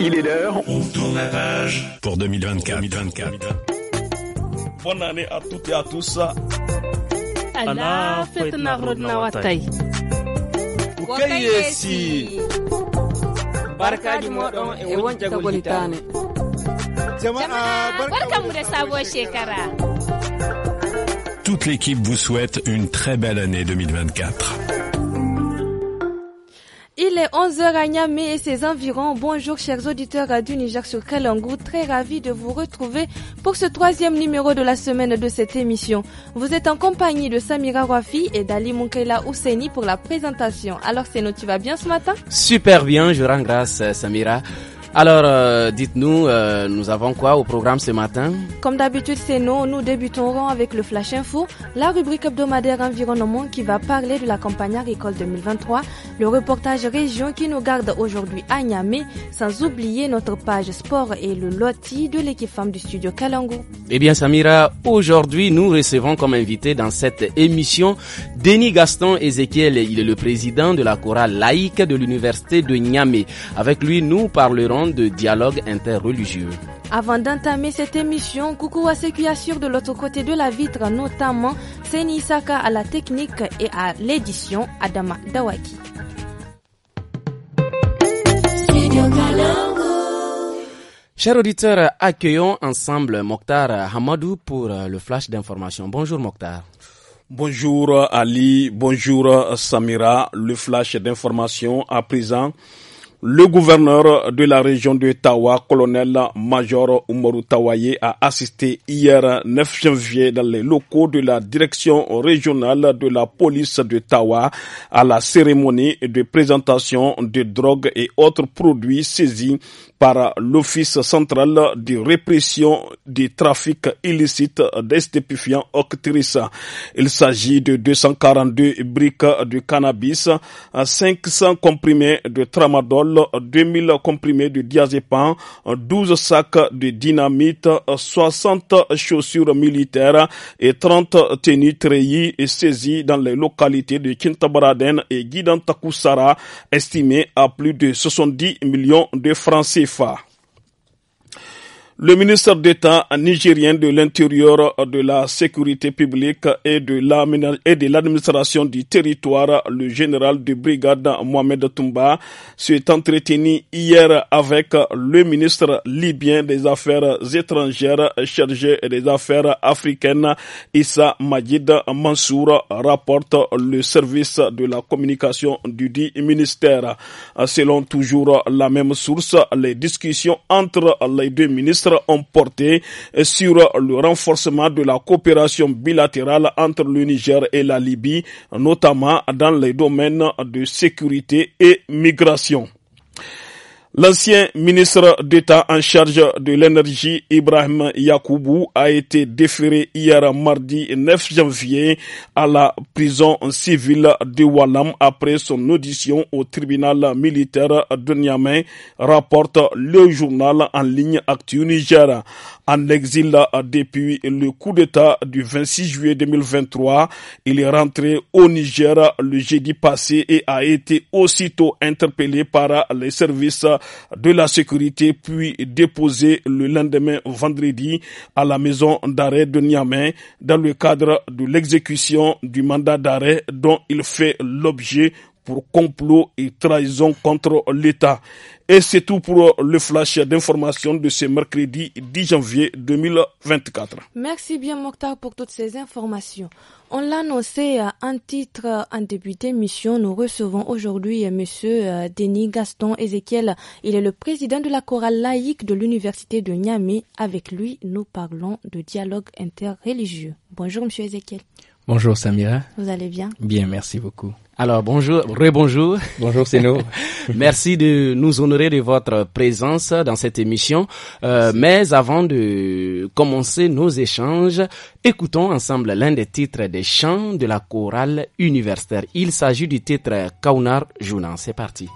il est l'heure. On tourne la page pour 2024. Bonne année à toutes et à tous. Allah fitna rodna watay. Kayesi. Barkaji modon e wonja golitane. et barkamu da sabuwar shekara. Toute l'équipe vous souhaite une très belle année 2024. Il est 11h à Niamey et ses environs. Bonjour chers auditeurs du Niger sur Kalangou. Très ravi de vous retrouver pour ce troisième numéro de la semaine de cette émission. Vous êtes en compagnie de Samira Wafi et d'Ali Moukela Ouseni pour la présentation. Alors Seno, tu vas bien ce matin Super bien, je rends grâce euh, Samira. Alors, euh, dites-nous, euh, nous avons quoi au programme ce matin Comme d'habitude, c'est nous. Nous débuterons avec le Flash Info, la rubrique hebdomadaire environnement qui va parler de la campagne agricole 2023, le reportage région qui nous garde aujourd'hui à Niamey, sans oublier notre page sport et le loti de l'équipe femme du studio Kalango. Eh bien, Samira, aujourd'hui, nous recevons comme invité dans cette émission Denis Gaston Ezekiel. Il est le président de la chorale laïque de l'université de Niamey. Avec lui, nous parlerons de dialogue interreligieux. Avant d'entamer cette émission, coucou à ceux qui assurent de l'autre côté de la vitre, notamment Seni à la technique et à l'édition Adama Dawaki. Chers auditeurs, accueillons ensemble Mokhtar Hamadou pour le flash d'information. Bonjour Mokhtar. Bonjour Ali, bonjour Samira. Le flash d'information à présent le gouverneur de la région de Tawa, colonel major Umaru Tawaye, a assisté hier 9 janvier dans les locaux de la direction régionale de la police de Tawa à la cérémonie de présentation de drogues et autres produits saisis par l'Office central de répression du trafic illicite des stupéfiants Il s'agit de 242 briques de cannabis, 500 comprimés de tramadol, 2000 euh, comprimés de diazépam, 12 euh, sacs de dynamite, 60 euh, chaussures militaires et 30 tenues treillis et saisies dans les localités de Kintabaraden et Guidantakusara, estimées à plus de 70 millions de francs CFA. Le ministre d'État nigérien de l'Intérieur, de la Sécurité publique et de l'administration du territoire, le général de brigade Mohamed Toumba, s'est entretenu hier avec le ministre libyen des Affaires étrangères chargé des Affaires africaines, Issa Majid Mansour, rapporte le service de la communication du dit ministère. Selon toujours la même source, les discussions entre les deux ministres ont porté sur le renforcement de la coopération bilatérale entre le Niger et la Libye, notamment dans les domaines de sécurité et migration. L'ancien ministre d'État en charge de l'énergie, Ibrahim Yakoubou, a été déféré hier mardi 9 janvier à la prison civile de Walam après son audition au tribunal militaire de Niamey, rapporte le journal en ligne Actu Niger en exil euh, depuis le coup d'État du 26 juillet 2023. Il est rentré au Niger le jeudi passé et a été aussitôt interpellé par les services de la sécurité puis déposé le lendemain vendredi à la maison d'arrêt de Niamey dans le cadre de l'exécution du mandat d'arrêt dont il fait l'objet pour complot et trahison contre l'État. Et c'est tout pour le flash d'information de ce mercredi 10 janvier 2024. Merci bien Mokhtar pour toutes ces informations. On l'a annoncé euh, en titre en début d'émission. Nous recevons aujourd'hui euh, M. Euh, Denis Gaston Ezekiel. Il est le président de la chorale laïque de l'Université de Niamey. Avec lui, nous parlons de dialogue interreligieux. Bonjour M. Ezekiel. Bonjour Samira. Vous allez bien Bien, merci beaucoup. Alors bonjour, rebonjour. Bonjour nous. merci de nous honorer de votre présence dans cette émission. Euh, mais avant de commencer nos échanges, écoutons ensemble l'un des titres des chants de la chorale universitaire. Il s'agit du titre Kaunar Jounan. C'est parti.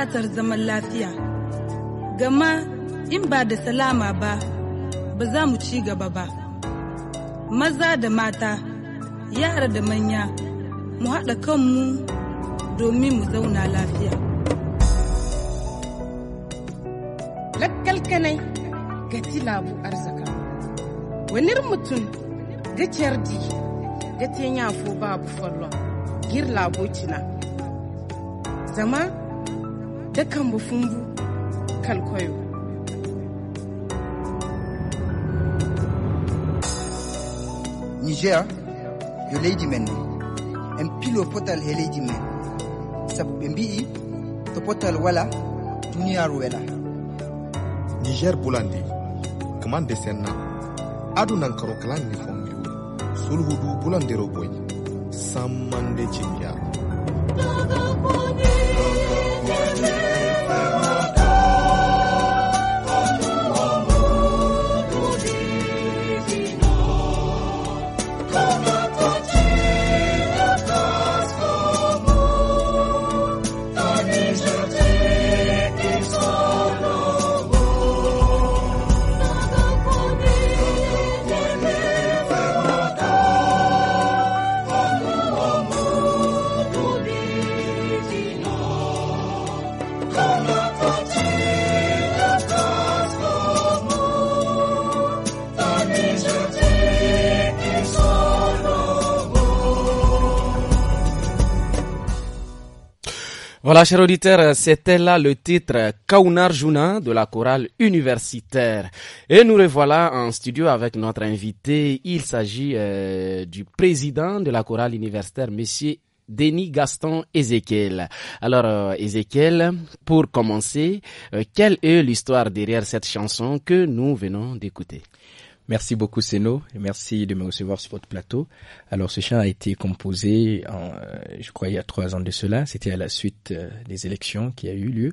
buƙatar zaman lafiya gama in ba da salama ba ba za mu ci gaba ba maza da mata yara da manya mu haɗa kanmu domin mu zauna lafiya lakkalkanai gati labu arzaka wani mutum gaciyar di gatiyan yafo babu fallon gir labocina zama dukkan bufungu kalkwayo niger yo leydi men ni en pilo potal e leydi men sabu ɓe mbi'i to potal wala duniyaaru wela niger bulandi kumande senna adunan karo kalan ni fongiru sulhudu bulandero boy sammande Voilà, chers auditeurs, c'était là le titre Kaunar Juna de la chorale universitaire. Et nous revoilà en studio avec notre invité. Il s'agit euh, du président de la chorale universitaire, monsieur Denis Gaston Ezekiel. Alors, euh, pour commencer, euh, quelle est l'histoire derrière cette chanson que nous venons d'écouter? Merci beaucoup Seno et merci de me recevoir sur votre plateau. Alors ce chant a été composé, en, euh, je crois, il y a trois ans de cela. C'était à la suite euh, des élections qui a eu lieu,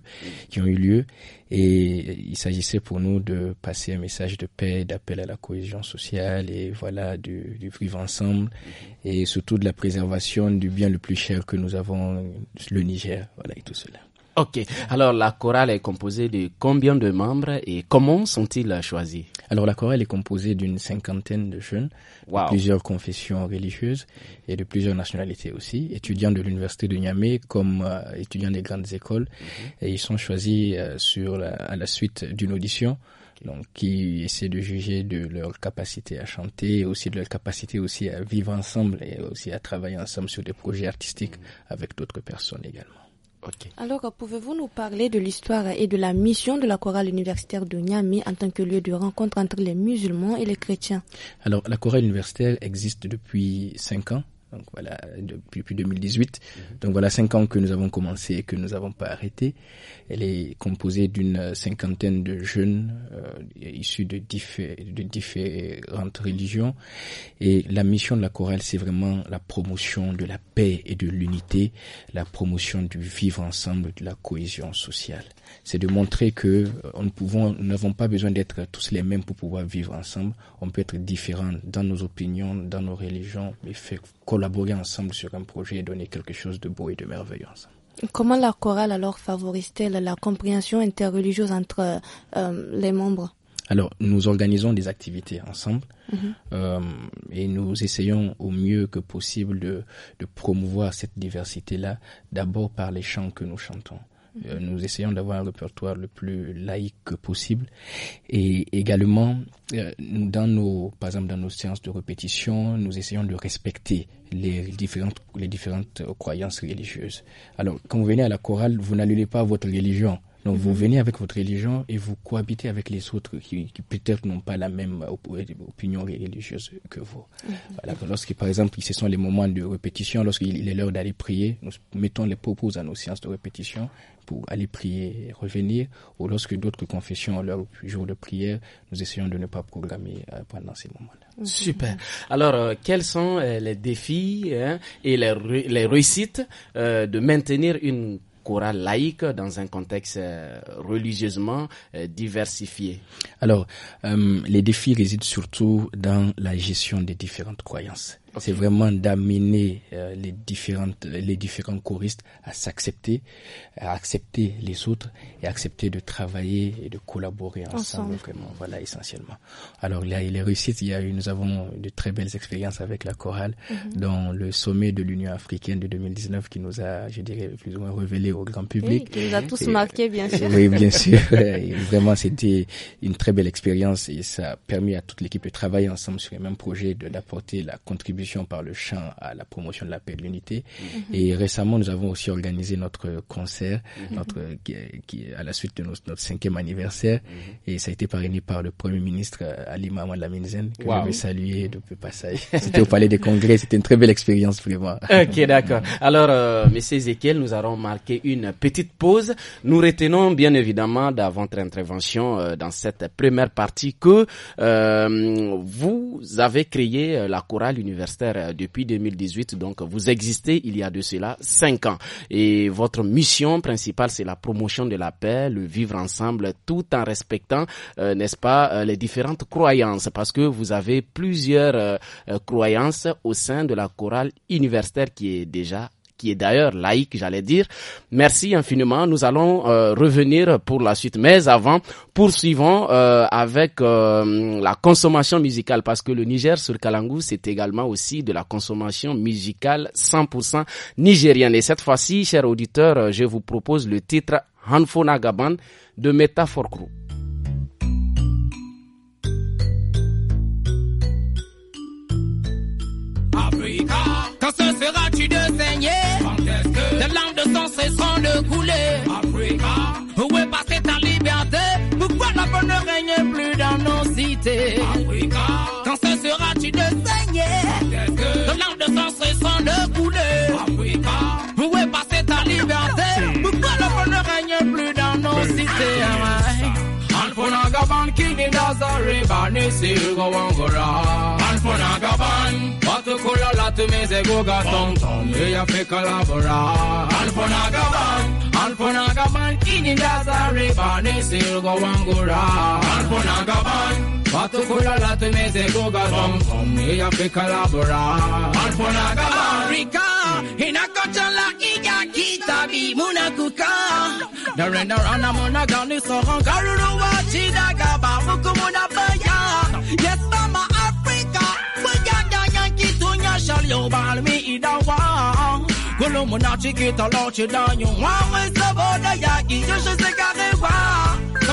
qui ont eu lieu, et il s'agissait pour nous de passer un message de paix, d'appel à la cohésion sociale et voilà du, du vivre ensemble et surtout de la préservation du bien le plus cher que nous avons, le Niger, voilà et tout cela. Ok. Alors, la chorale est composée de combien de membres et comment sont-ils choisis Alors, la chorale est composée d'une cinquantaine de jeunes, de plusieurs confessions religieuses et de plusieurs nationalités aussi, étudiants de l'université de Niamey comme euh, étudiants des grandes écoles. Mhm. Et ils sont choisis euh, sur la, à la suite d'une audition donc qui essaie de juger de leur capacité à chanter, et aussi de leur capacité aussi à vivre ensemble et aussi à travailler ensemble sur des projets artistiques mhm. avec d'autres personnes également. Alors, pouvez-vous nous parler de l'histoire et de la mission de la chorale universitaire de Niamey en tant que lieu de rencontre entre les musulmans et les chrétiens Alors, la chorale universitaire existe depuis cinq ans. Donc voilà, depuis 2018. Mhm. Donc voilà cinq ans que nous avons commencé et que nous n'avons pas arrêté. Elle est composée d'une cinquantaine de jeunes euh, issus de, de différentes religions. Et la mission de la chorale, c'est vraiment la promotion de la paix et de l'unité, la promotion du vivre ensemble, de la cohésion sociale. C'est de montrer que euh, nous pouvons, n'avons pas besoin d'être tous les mêmes pour pouvoir vivre ensemble. On peut être différents dans nos opinions, dans nos religions, mais fait collaborer ensemble sur un projet et donner quelque chose de beau et de merveilleux ensemble. Comment la chorale alors favorise-t-elle la compréhension interreligieuse entre euh, les membres alors, nous organisons des activités ensemble mhm. euh, et nous essayons au mieux que possible de promouvoir cette diversité-là, d'abord par les chants que nous chantons. Euh, nous essayons d'avoir un répertoire le plus laïque possible. Et également, euh, dans nos, par exemple, dans nos séances de répétition, nous essayons de respecter les différentes, les différentes croyances religieuses. Alors, quand vous venez à la chorale, vous n'allez pas votre religion. Donc vous mhm. venez avec votre religion et vous cohabitez avec les autres qui, qui peut-être n'ont pas la même opinion religieuse que vous. Mhm. Lorsque par exemple ce sont les moments de répétition, lorsqu'il est l'heure d'aller prier, nous mettons les propos à nos séances de répétition pour aller prier et revenir, ou lorsque d'autres confessions ont leur jour de prière, nous essayons de ne pas programmer euh, pendant ces moments-là. Mhm. Super. Alors, euh, quels sont euh, les défis hein, et les, réussites de maintenir une laïque dans un contexte euh, religieusement euh, diversifié Alors, euh, les défis résident surtout dans la gestion des différentes croyances c'est vraiment d'amener euh, les différentes les différents choristes à s'accepter, à accepter les autres et accepter de travailler et de collaborer ensemble, Vraiment, voilà essentiellement. Alors là, il est réussite, il y a eu, nous avons de très belles expériences avec la chorale mhm. dans le sommet de l'Union africaine de 2019 qui nous a, je dirais, plus ou moins révélé au grand public. qui nous a tous marqué bien sûr. Oui, bien sûr. vraiment, c'était une très belle expérience et ça a permis à toute l'équipe de travailler ensemble sur les mêmes projets, d'apporter la contribution par le chant à la promotion de la paix et de l'unité. Mhm. Et récemment, nous avons aussi organisé notre concert, mhm. notre qui, à la suite de notre, cinquième anniversaire. Mhm. Et ça a été parrainé par le Premier ministre euh, Ali Mahmoud Laminzen, que je vais saluer de peu passage. C'était au Palais des Congrès, c'était une très belle expérience pour moi. Ok, d'accord. Alors, euh, messieurs Ezekiel, nous allons marquer une petite pause. Nous retenons bien évidemment d'avant votre intervention euh, dans cette première partie que vous avez créé la chorale universitaire euh, depuis 2018. Donc, vous existez il y a de cela cinq ans. Et votre mission principale, c'est la promotion de la paix, le vivre ensemble, tout en respectant, euh, n'est-ce pas, euh, les différentes croyances, parce que vous avez plusieurs croyances au sein de la chorale universitaire qui est déjà qui est d'ailleurs laïque, j'allais dire. Merci infiniment. Nous allons euh, revenir pour la suite. Mais avant, poursuivons euh, avec euh, la consommation musicale parce que le Niger sur Kalangu, c'est également aussi de la consommation musicale 100% nigérienne. Et cette fois-ci, chers auditeurs, je vous propose le titre Hanfona Gaban de Metaphor Crew. cessons de couler. Africa. Où est passée ta liberté Pourquoi la bonne ne règne plus dans nos cités Africa. Quand ce sera-tu de saigner De l'âme de sang sans de couler. Africa. Où est passée ta liberté Pourquoi la bonne ne règne plus dans nos cités ah, Funagaban, King in Nazare, Barney, Silgo, Wangora. And Funagaban, Meze Latume, Zegoga, Tom Tom, we are Pekalabora. And Funagaban, and Funagaban, King in Nazare, Barney, Silgo, Wangora. And Funagaban, Patukula, Latume, Zegoga, Tom Tom, we are Pekalabora. And Funagaban, Rika, Hinakocha, La Kita, Bimuna, Kuka narenda rana muna gani sohon garuruwa chida gaba mukumuna baya yes mama africa kuya nyanya kitunya shalyo balmi idawa kulumuna chikita lo chida nyungwa we saboda ya kijoshu sikarewa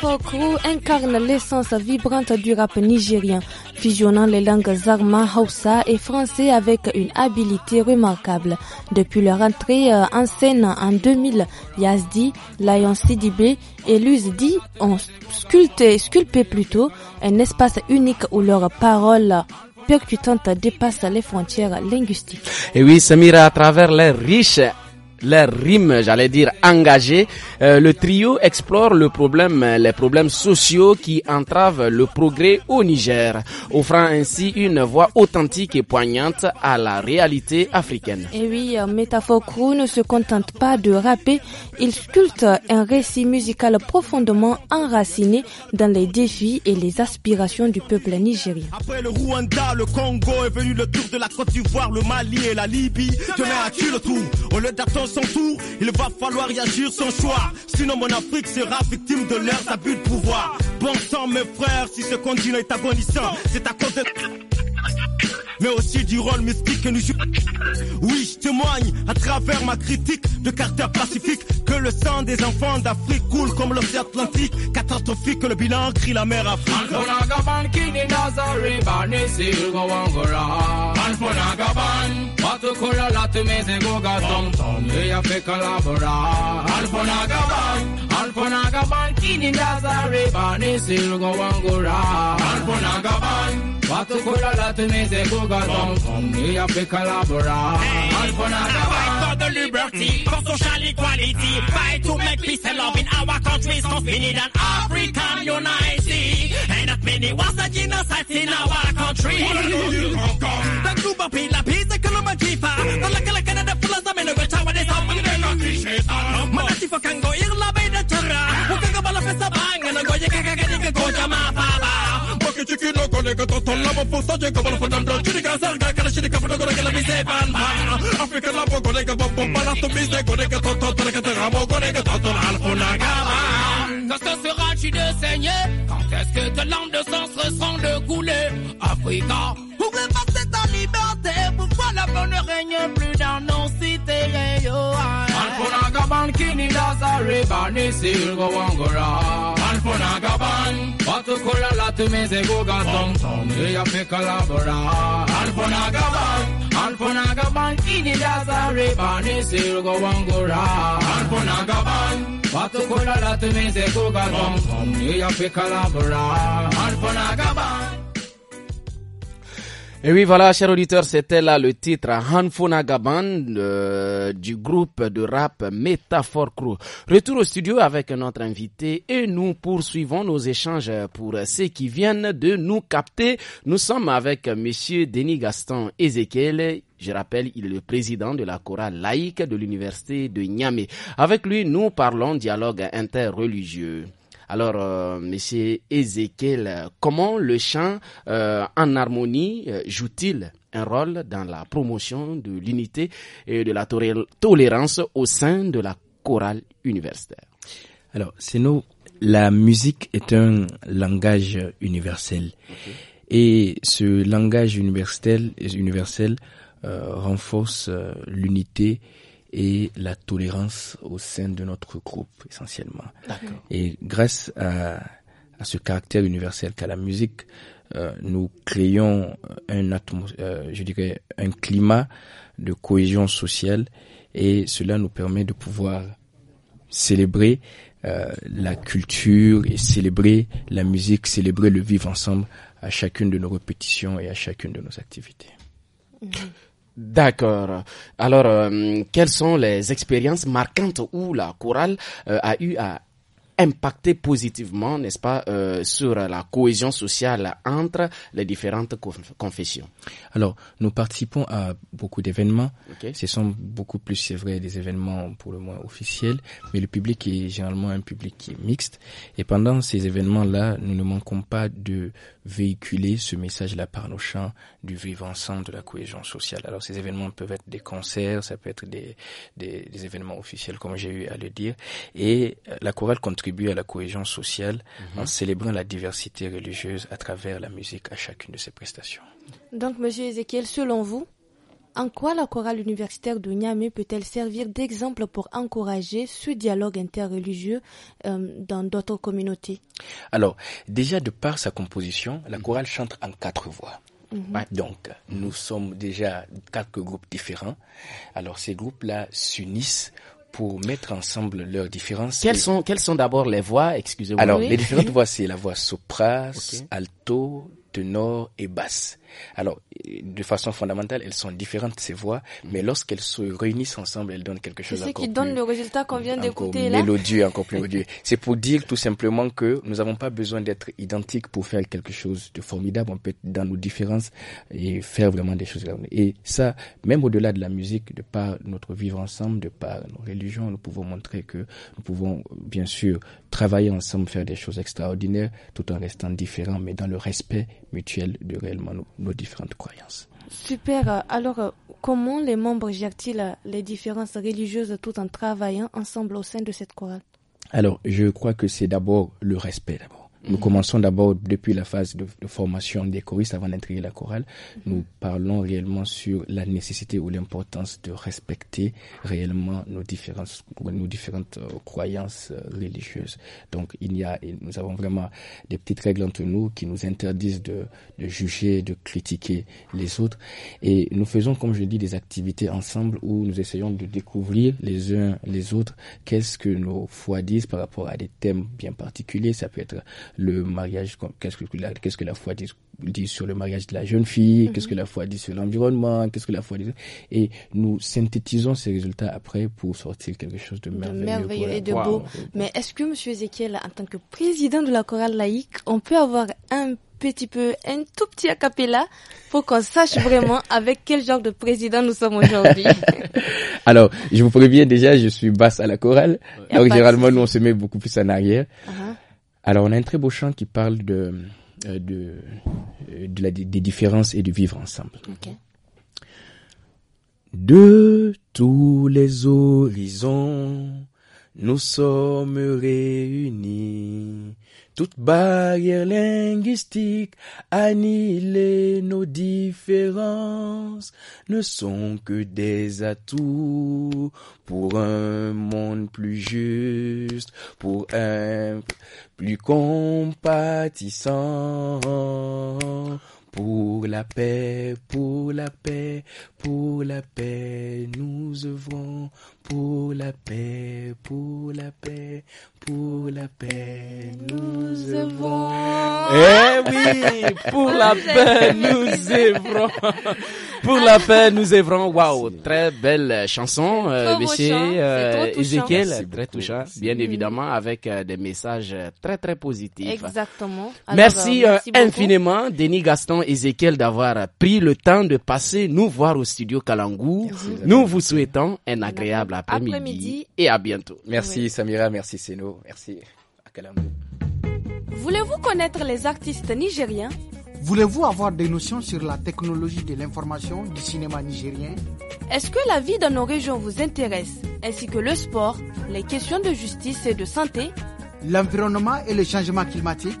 Fokrou incarne l'essence vibrante du rap nigérien, fusionnant les langues zarma, hausa et français avec une habileté remarquable. Depuis leur entrée euh, en scène en 2000, Yazdi, Lion CDB et Luzdi ont sculpté, sculpté plutôt un espace unique où leurs paroles percutantes dépassent les frontières linguistiques. Et oui, Samira, à travers les riches leur rime, j'allais dire engagée, euh, le trio explore le problème, les problèmes sociaux qui entravent le progrès au Niger, offrant ainsi une voix authentique et poignante à la réalité africaine. Et eh oui, euh, Métaphore Crew ne se contente pas de rapper, il sculpte un récit musical profondément enraciné dans les défis et les aspirations du peuple nigérien. Après le Rwanda, le Congo est venu le tour de la Côte d'Ivoire, le Mali et la Libye. Demain, à tu le trou Au lieu d'attendre tour, il va falloir y agir sans choix. Sinon mon Afrique sera victime de leurs abus de pouvoir. Bon sang mes frères, si ce continent est agonissant, c'est à cause de mais aussi du rôle mystique que nous jouons. Oui, je témoigne à travers ma critique de Carter Pacifique que le sang des enfants d'Afrique coule comme l'océan Atlantique, catastrophique le bilan crie la mer Afrique. Alponagaban, Kini Nazare, Bani Silgo Angora, Alponagaban, What a good lot Fight for the liberty For social equality Fight to make peace and love in our countries Cause we need an African unity And that many was the genocide in our country The Cuba Pila Pisa Colomba Jifa The Laka Laka Nada Pula Zamena Gacha Wade Samang Nena Manati for Kango Irla Beda Chara Wakanga Bala Bang And Goya Kaka Kaka Goja Mapa Quand to de seigneur, Quand est-ce que ton langue de sang ressent de couler Africa, pour ta liberté Pourquoi la bonne règne plus dans nos Many go on go And for Nagaban, but to Kurala to me they go got some some they a And for Nagaban, and for Nagaban, any does a rebani go on go And for Nagaban, but to Kurala to me they go got some some they a And for Nagaban. Et oui, voilà, chers auditeurs, c'était là le titre Hanfona Gaban du groupe de rap Métaphore Crew. Retour au studio avec notre invité et nous poursuivons nos échanges pour ceux qui viennent de nous capter. Nous sommes avec monsieur Denis Gaston Ezekiel. Je rappelle, il est le président de la chorale laïque de l'université de Niamey. Avec lui, nous parlons dialogue interreligieux. Alors, euh, Monsieur Ezekiel, comment le chant euh, en harmonie euh, joue-t-il un rôle dans la promotion de l'unité et de la tolérance au sein de la chorale universitaire Alors, c'est nous. La musique est un langage universel. Et ce langage universel, universel euh, renforce l'unité et la tolérance au sein de notre groupe essentiellement. Et grâce à, ce caractère universel qu'a la musique, euh, nous créons un euh, je dirais un climat de cohésion sociale et cela nous permet de pouvoir célébrer euh, la culture et célébrer la musique, célébrer le vivre ensemble à chacune de nos répétitions et à chacune de nos activités. Mmh. D'accord. Alors, euh, quelles sont les expériences marquantes où la chorale euh, a eu à impacter positivement, n'est-ce pas, euh, sur la cohésion sociale entre les différentes confessions Alors, nous participons à beaucoup d'événements. Ce sont beaucoup plus, c'est vrai, des événements pour le moins officiels, mais le public est généralement un public qui est mixte. Et pendant ces événements-là, nous ne manquons pas de véhiculer ce message-là par nos chants du vivre ensemble, de la cohésion sociale. Alors, ces événements peuvent être des concerts, ça peut être des, des, événements officiels, comme j'ai eu à le dire. Et euh, la chorale contribue à la cohésion sociale mhm. en célébrant la diversité religieuse à travers la musique à chacune de ses prestations. Donc, Monsieur Ezekiel, selon vous, en quoi la chorale universitaire de Niamey peut-elle servir d'exemple pour encourager ce dialogue interreligieux euh, dans d'autres communautés Alors, déjà de par sa composition, la mhm. chorale chante en quatre voix. Mhm. donc, nous sommes déjà quatre groupes différents. Alors, ces groupes-là s'unissent pour mettre ensemble leurs différences. Quelles sont, d'abord les voix, excusez-moi Alors, les différentes voix, c'est la voix soprasse, alto, tenor et basse. Alors, euh, de façon fondamentale, elles sont différentes ces voix, mais lorsqu'elles se réunissent ensemble, elles donnent quelque chose. C'est ce qui donne le résultat qu'on vient d'écouter là. C'est pour dire tout simplement que nous n'avons pas besoin d'être identiques pour faire quelque chose de formidable. On peut être dans nos différences et faire vraiment des choses. Et ça, même au-delà de la musique, de par notre vivre ensemble, de par nos religions, nous pouvons montrer que nous pouvons bien sûr travailler ensemble, faire des choses extraordinaires, tout en restant différents, mais dans le respect mutuel de réellement nous nos différentes croyances. Super. Alors, euh, comment les membres gèrent-ils euh, les différences religieuses tout en travaillant ensemble au sein de cette chorale Alors, je crois que c'est d'abord le respect. Nous mhm. commençons d'abord depuis la phase de, formation des choristes avant d'intégrer la chorale. Mhm. Nous parlons réellement sur la nécessité ou l'importance de respecter réellement nos différentes, nos différentes euh, croyances euh, religieuses. Donc il y a, nous avons vraiment des petites règles entre nous qui nous interdisent de, de juger, de critiquer les autres. Et nous faisons, comme je dis, des activités ensemble où nous essayons de découvrir les uns les autres qu'est-ce que nos foi disent par rapport à des thèmes bien particuliers. Ça peut être le mariage, qu'est-ce que la, qu'est-ce que la foi dit, sur le mariage de la jeune fille, mhm. qu'est-ce que la foi dit sur l'environnement, qu'est-ce que la foi dit. Et nous synthétisons ces résultats après pour sortir quelque chose de merveilleux. De et de beau. Mais est-ce que, Monsieur Ezekiel, en tant que président de la chorale laïque, on peut avoir un petit peu, un tout petit acapella pour qu'on sache vraiment avec quel genre de président nous sommes aujourd'hui. Alors, je vous préviens déjà, je suis basse à la chorale. Donc, généralement, nous, on se met beaucoup plus en arrière. Uh-huh. Alors, on a un très beau chant qui parle de, euh, euh, des différences et du vivre ensemble. De tous les horizons, nous sommes réunis toute barrière linguistique annihiler nos différences ne sont que des atouts pour un monde plus juste, pour un plus compatissant. Pour la paix, pour la paix, pour la paix, nous œuvrons pour la paix, pour la paix, pour la paix, nous œuvrons. Eh oui, pour la paix, nous œuvrons. Pour la paix, nous œuvrons. Waouh, très belle chanson, euh, monsieur Ezekiel, euh, très touchant, bien évidemment, avec euh, des messages euh, très très positifs. Exactement. merci, infiniment, Denis Gaston, Ezekiel, d'avoir pris le temps de passer nous voir au studio Kalangou. nous vous souhaitons un agréable après-midi. Et à bientôt. Merci Samira, merci Seno, merci Voulez-vous connaître les artistes nigériens Voulez-vous avoir des notions sur la technologie de l'information du cinéma nigérien Est-ce que la vie dans nos régions vous intéresse, ainsi que le sport, les questions de justice et de santé L'environnement et le changement climatique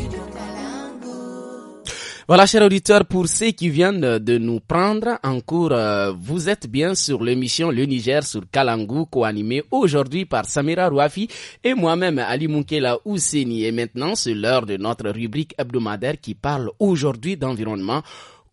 Voilà, chers auditeurs, pour ceux qui viennent de nous prendre en cours, euh, vous êtes bien sur l'émission Le Niger sur Kalangou, co aujourd'hui par Samira Rouafi et moi-même Ali Munkela Ouseni. Et maintenant, c'est l'heure de notre rubrique hebdomadaire qui parle aujourd'hui d'environnement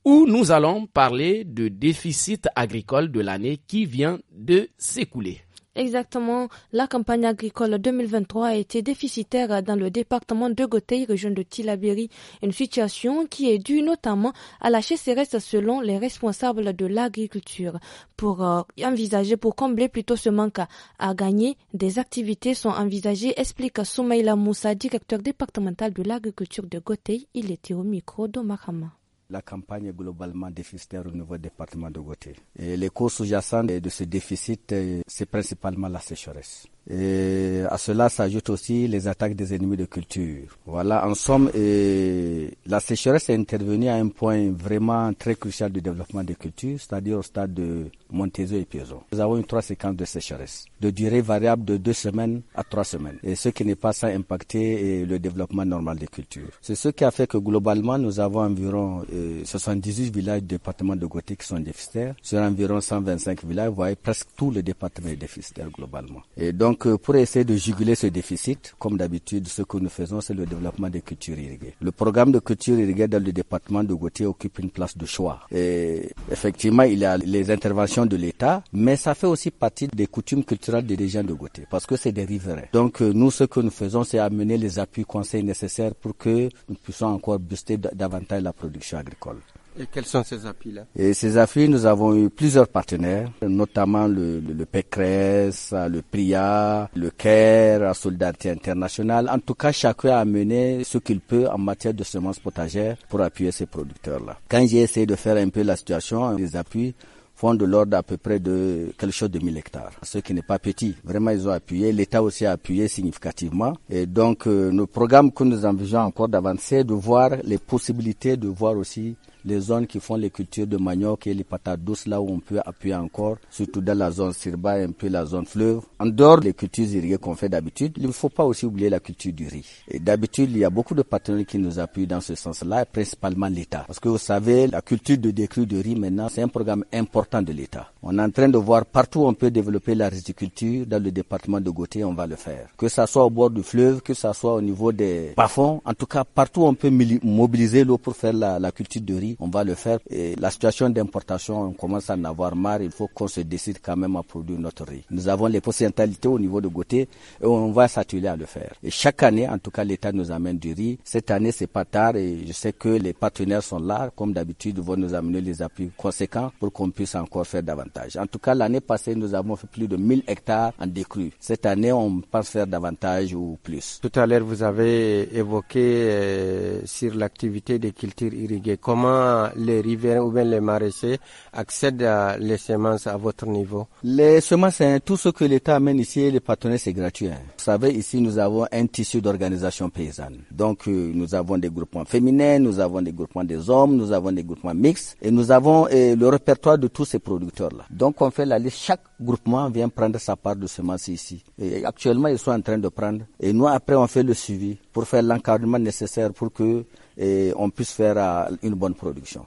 où nous allons parler de déficit agricole de l'année qui vient de s'écouler. Exactement, la campagne agricole 2023 a été déficitaire dans le département de Gotei, région de Tilaberi, une situation qui est due notamment à la restes selon les responsables de l'agriculture. Pour euh, envisager, pour combler plutôt ce manque à gagner, des activités sont envisagées, explique Soumaïla Moussa, directeur départemental de l'agriculture de Gotei. Il était au micro de Mahama la campagne est globalement déficitaire au Nouveau département de Gauthier. Et les causes sous-jacentes de ce déficit, euh, c'est principalement la sécheresse. Et à cela s'ajoutent aussi les attaques des ennemis de culture. Voilà, en somme, et la sécheresse est intervenue à un point vraiment très crucial du développement des cultures, c'est-à-dire au stade de Montezot et Piezon. Nous avons eu trois séquences de sécheresse, de durée variable de deux semaines à trois semaines, et ce qui n'est pas sans impacter le développement normal des cultures. C'est ce qui a fait que globalement, nous avons environ 78 euh, villages du département de Gauthier qui sont déficitaires, sur environ 125 villages, vous voyez, presque tout le département est déficitaire globalement. Et donc, donc, euh, pour essayer de juguler ce déficit, comme d'habitude, ce que nous faisons, c'est le développement des cultures irriguées. Le programme de culture irriguée dans le département de Gauthier occupe une place de choix. Et effectivement, il y a les interventions de l'État, mais ça fait aussi partie des coutumes culturelles des régions de Gauthier, parce que c'est des riverains. Donc, euh, nous, ce que nous faisons, c'est amener les appuis conseils nécessaires pour que nous puissions encore booster davantage la production agricole. Et quels sont ces appuis-là Et ces appuis, nous avons eu plusieurs partenaires, notamment le, le, le PECRES, le PRIA, le CAIR, la Solidarité Internationale. En tout cas, chacun a mené ce qu'il peut en matière de semences potagères pour appuyer ces producteurs-là. Quand j'ai essayé de faire un peu la situation, les appuis font de l'ordre à peu près de quelque chose de 1000 hectares, ce qui n'est pas petit. Vraiment, ils ont appuyé, l'État aussi a appuyé significativement. Et donc, euh, nos programmes que nous envisageons encore d'avancer, de voir les possibilités de voir aussi les zones qui font les cultures de manioc et les patates douces, là où on peut appuyer encore, surtout dans la zone sirba et un peu la zone fleuve. En dehors des cultures irriguées qu'on fait d'habitude, il ne faut pas aussi oublier la culture du riz. Et d'habitude, il y a beaucoup de partenaires qui nous appuient dans ce sens-là, principalement l'État. Parce que vous savez, la culture de décru de riz maintenant, c'est un programme important de l'État. On est en train de voir partout où on peut développer la riziculture dans le département de Gauthier, on va le faire. Que ça soit au bord du fleuve, que ça soit au niveau des parfums en tout cas, partout où on peut mobiliser l'eau pour faire la, la culture de riz, on va le faire. Et la situation d'importation, on commence à en avoir marre. Il faut qu'on se décide quand même à produire notre riz. Nous avons les potentialités au niveau de Gauthier et on va s'atteler à le faire. Et chaque année, en tout cas, l'État nous amène du riz. Cette année, c'est pas tard et je sais que les partenaires sont là. Comme d'habitude, vont nous amener les appuis conséquents pour qu'on puisse encore faire davantage. En tout cas, l'année passée, nous avons fait plus de 1000 hectares en décru. Cette année, on pense faire davantage ou plus. Tout à l'heure, vous avez évoqué euh, sur l'activité des cultures irriguées. Comment les riverains ou bien les maraîchers accèdent à les semences à votre niveau Les semences, hein, tout ce que l'État amène ici, les partenaires, c'est gratuit. Hein. Vous savez, ici, nous avons un tissu d'organisation paysanne. Donc, euh, nous avons des groupements féminins, nous avons des groupements des hommes, nous avons des groupements mixtes et nous avons euh, le répertoire de tous ces producteurs-là. Donc, on fait la liste. Chaque groupement vient prendre sa part de semences ici. Et actuellement, ils sont en train de prendre. Et nous, après, on fait le suivi pour faire l'encadrement nécessaire pour que et on puisse faire euh, une bonne production.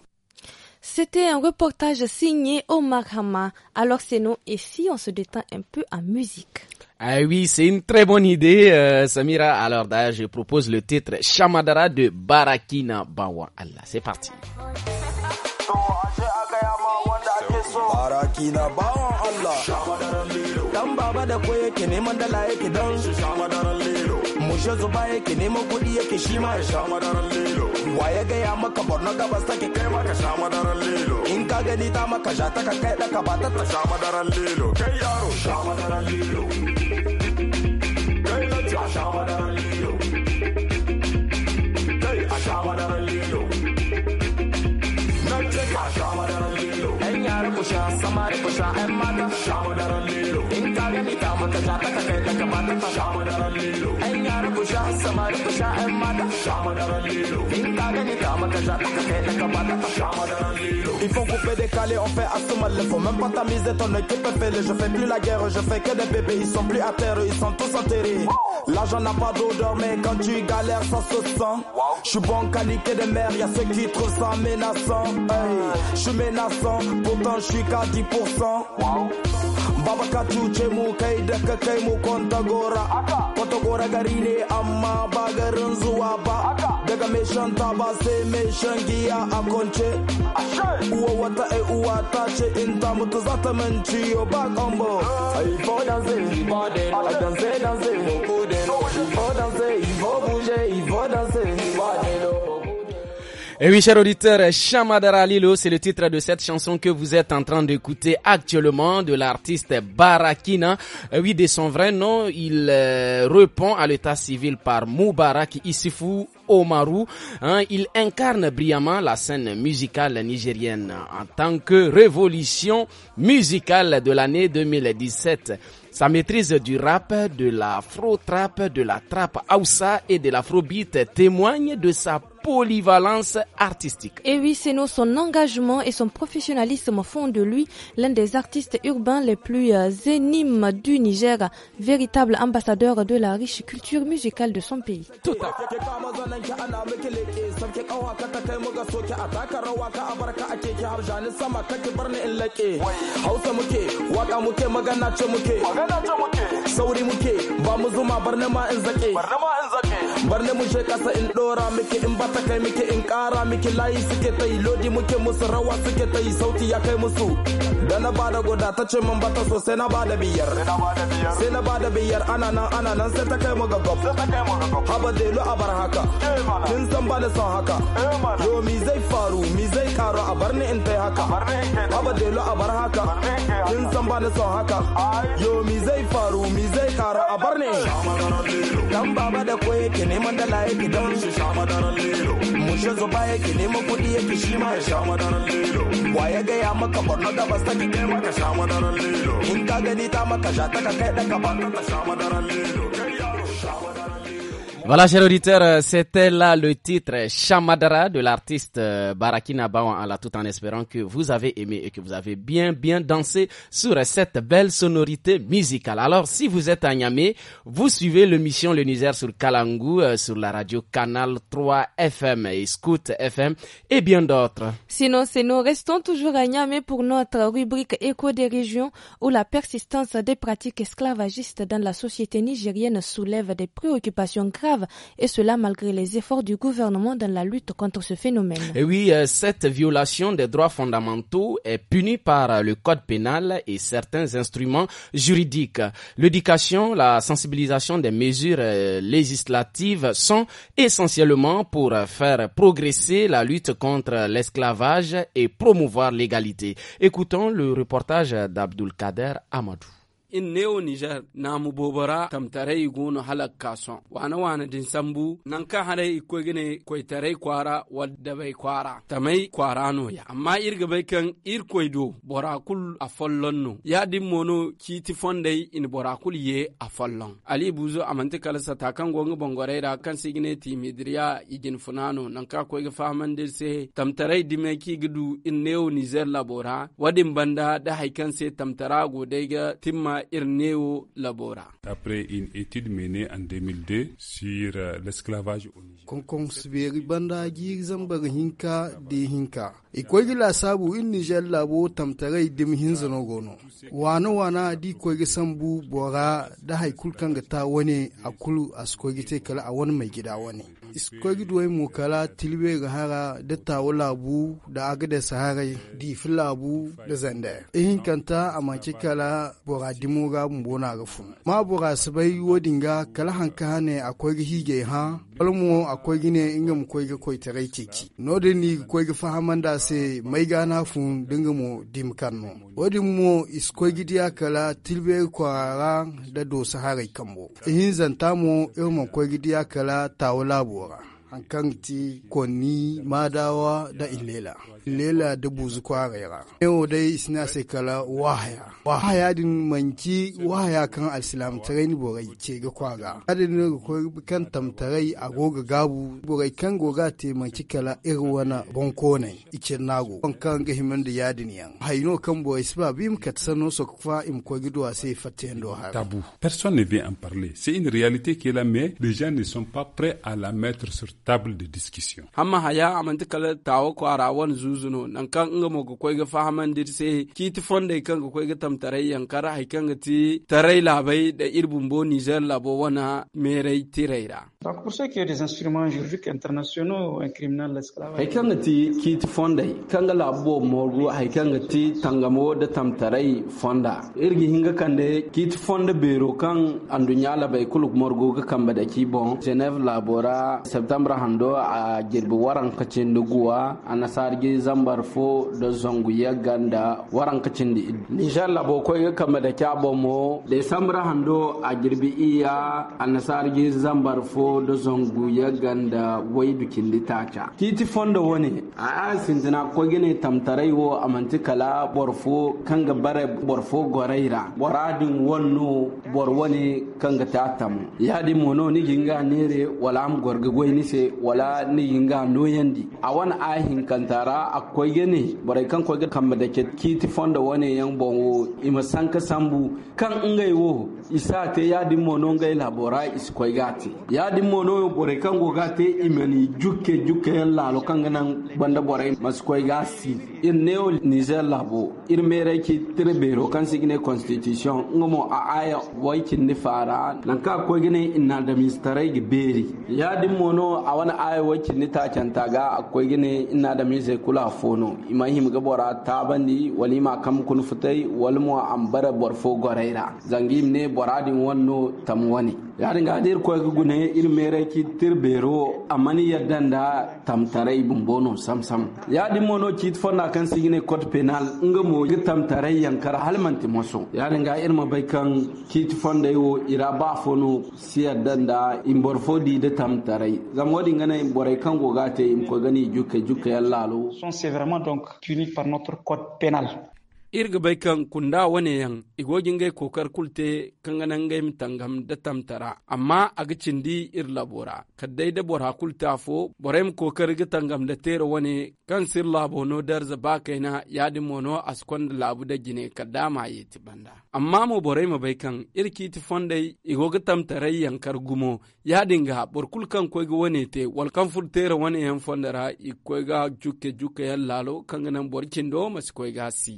C'était un reportage signé Omar Hama. Alors c'est nous, et si on se détend un peu en musique ah oui, c'est une très bonne idée, euh, Samira. Alors d'ailleurs, je propose le titre Chamadara » de Barakina Bawa Allah. C'est parti. baraki na bawan Allah dan baba da ko yake neman dala yake dan mu sha zuba yake neman kuɗi yake shi ma ya sha madaran lilo wa ya gaya maka borno gabas take kai maka sha madaran lilo in ka gani ta maka sha ta ka kai ɗaka ba ta ta sha madaran lilo kai yaro sha madaran lilo kai lanta sha madaran lilo sha ƴan eh, mata sha mu daren lilo in ka kai Ils font couper, décaler, on fait mal, mal, faut Même pas ta tamiser ton œil, qui peut faire Je fais plus la guerre, je fais que des bébés. Ils sont plus à terre, ils sont tous enterrés. L'argent n'a pas d'odeur, mais quand tu galères, ça se sent. Je suis bon qu'à niquer des mères, y'a ceux qui trouvent ça menaçant. je suis menaçant, pourtant je suis qu'à 10%. baba ka cuce mu kai da ka kai mu kwanta gora kwanta gora gari ne amma ba garin zuwa ba daga mai shan taba sai mai shan giya a kwance uwa wata ai uwa ta ce in ta mutu za ta min ciyo ba kombo ai fo danse ba de no danse danse mo ku de no fo danse yi fo buje yi fo danse Et eh oui, cher auditeur, Shamadara Lilo, c'est le titre de cette chanson que vous êtes en train d'écouter actuellement de l'artiste Barakina. Eh oui, de son vrai nom, il euh, répond à l'état civil par Moubarak Isifu Omaru. Hein. il incarne brillamment la scène musicale nigérienne en tant que révolution musicale de l'année 2017. Sa maîtrise du rap, de la trap de la trap hausa et de l'afrobeat témoigne de sa polyvalence artistique. Et oui, nous, son engagement et son professionnalisme font de lui l'un des artistes urbains les plus euh, énimes du Niger, véritable ambassadeur de la riche culture musicale de son pays. ta kai muke in kara muke layi suke ta yi lodi muke musu rawa suke ta yi sauti ya kai musu da na bada guda ta ce min bata so sai na bada biyar sai na bada biyar ana nan ana nan sai ta kai mu gagab haba delu a bar haka eh, kin san ba da son haka eh, yo mi zai faru mi zai karu a bar ni in tai haka haba delu a bar haka kin san ba da son haka yo mi zai faru mi zai karu a bar ni dan baba da koye ke neman da laye ki don shi sha madaran lelo mu shanzo ba yake nemo kuɗi yake shi ma ya sha madaran lelo wa ya gaya maka da gabas take kai maka sha madaran lelo in ka gani ta maka sha ta ka kai ka ba ta sha madaran lelo kai yaro sha madaran Voilà, chers auditeurs, euh, c'était là le titre Chamadara de l'artiste euh, Barakina la tout en espérant que vous avez aimé et que vous avez bien, bien dansé sur cette belle sonorité musicale. Alors, si vous êtes à Niamey, vous suivez l'émission Le Niger sur Kalangu, euh, sur la radio Canal 3 FM et Scout FM et bien d'autres. Sinon, c'est nous restons toujours à Niamey pour notre rubrique Écho des régions où la persistance des pratiques esclavagistes dans la société nigérienne soulève des préoccupations graves et cela malgré les efforts du gouvernement dans la lutte contre ce phénomène. Et oui, euh, cette violation des droits fondamentaux est punie par euh, le Code pénal et certains instruments juridiques. L'éducation, la sensibilisation des mesures euh, législatives sont essentiellement pour faire progresser la lutte contre l'esclavage et promouvoir l'égalité. Écoutons le reportage d'Abdul Kader Amadou. in neo niger namu bobora tamtarai gono halak kason wana wana din sambu nan ka hare iko gine tare kwara wadda bai kwara tamai kwara no ya amma irga bai kan ir do borakul a follon no ya din mono k'i ti fonde in borakul ye a follon ali buzo kala sa ta kan gonga bongore da kan sigine timidriya igin funano nan ka ga faman dir se tamtarai me ki gudu in neo niger labora wadin banda da haikan se tamtara godai ga timma ma irneo labora. Après une étude menée en 2002 sur euh, l'esclavage au Niger. Konkon siberi banda gir zambar hinka de hinka. Ikwai la sabu in Niger labo tamtarai dim hinzano gono. Wana wana di kwai sambu bora da haikul kanga ta wani akulu askogite kala a wani mai gida wani. iskogi duwai mu kala tilbe ga hara da tawo labu da aga da sahara di labu da zanda ihin kanta a mace kala bora dimo ga mbona ga fun ma bora sabai wadin ga kala hanka ne akwai ga hige ha balmo akwai gine inga mu koi ga koi tarai ciki no da ni koi ga fahaman da se mai gana fun dinga mu dim kanno wadin mu iskogi dia kala tilbe kwara da do sahara kambo ihin zanta mu irma koi gidiya kala tawo labu. Bora. kan ti koni madawa da ilela ilela da buzu kwarera yau dai isna sai kala wahaya wahaya din manki wahaya kan alislam tare ni borai ce ga kwara adin ne kan tamtarai a goga gabu borai kan goga te manki kala irin wana bonko ne ice nago kan kan ga himan da yadin yan haino kan borai bi mu kat tsano so kwa im ko gidwa sai fatten do har tabu personne ne vient en parler c'est une réalité qui est là mais les gens ne sont pas prêts à la mettre sur table de discussion hamma haya amanti kala tawo ko ara wan zuzuno nan kan nga mo ko koy ga fahaman dir se ki ti fonde kan ko koy ga tamtare kara hay kan ga ti la labai da irbun bo Niger bo wana mere tireira. donc pour ce qui est des instruments juridiques internationaux incriminant l'esclavage hay kan ga ti ki ti fonde kan ga labo ru hay kan ga ti tangamo da tamtare fonda irgi hinga kan de ki ti fonde bero kan andunya labai kuluk morgo ga kamba da ki bon Genève labora septembre do a jirbi waran kacin da guwa a nasar gi zambar fo da zongu ya ganda waran kacin da idu inshallah boko ya kama da kyabo mo da ibrahim do a jirbi iya a nasar gi zambar fo da zongu ya ganda wai dukin da taca titi fonda wani a asin tana ko gine tamtarai wo a mantikala borfo kan bare borfo goraira waradin wannu borwani kan ga tatam yadi mono ni ginga nere wala am gorga goyni se se wala ni yinga no yandi awan ahin kantara akwai gene bare kan ko ga da ke kiti fonda wani yan bongo ima sanka sambu kan ngai wo te yadi mono nga elabora iskoy gati yadi mono bore kango gate imani juke juke lalo lo kangana banda bore maskoy gasi in neo niger labo ir mere ki trebero kan signe constitution ngomo a aya waiki ni fara nan ka ko gine inna da mistare gberi yadi mono a wani aya waiki ni ta canta ga akwai gine inna da mise kula fono imahim gabora bandi walima kam kun futai walmo ambara borfo goreira zangim ne waradin wannan tamu wani yarin ga dir ko ne irin mere ki tirbero amani yaddan da tamtarai bumbono samsam ya mono ki fona kan ne code penal nga mo gi tamtarai yankar halmanti moso yarin ga irma bai kan chit fonda yo ira ba fono si da imbor de tamtarai zam wodi ngana imborai kan go gate im ko gani juke juke yallalo sont c'est vraiment donc Unique par notre code pénal irga bai kan kunda wane yan igogin gai kokar kulte ganan gai mitangam da tamtara amma aga cindi ir labora kaddai da bora kulta fo borem kokar ga tangam da tera wane kan sir labo no darza ba kaina yadi mono askon da labu da gine kadda ma yeti banda amma mo borem ma bai kan irki ti fondai igogi tamtara yankar gumo yadin bor borkul kan ga wane te fur tera wane yan fondara ga juke juke yan lalo kanganan borkin do koi ga si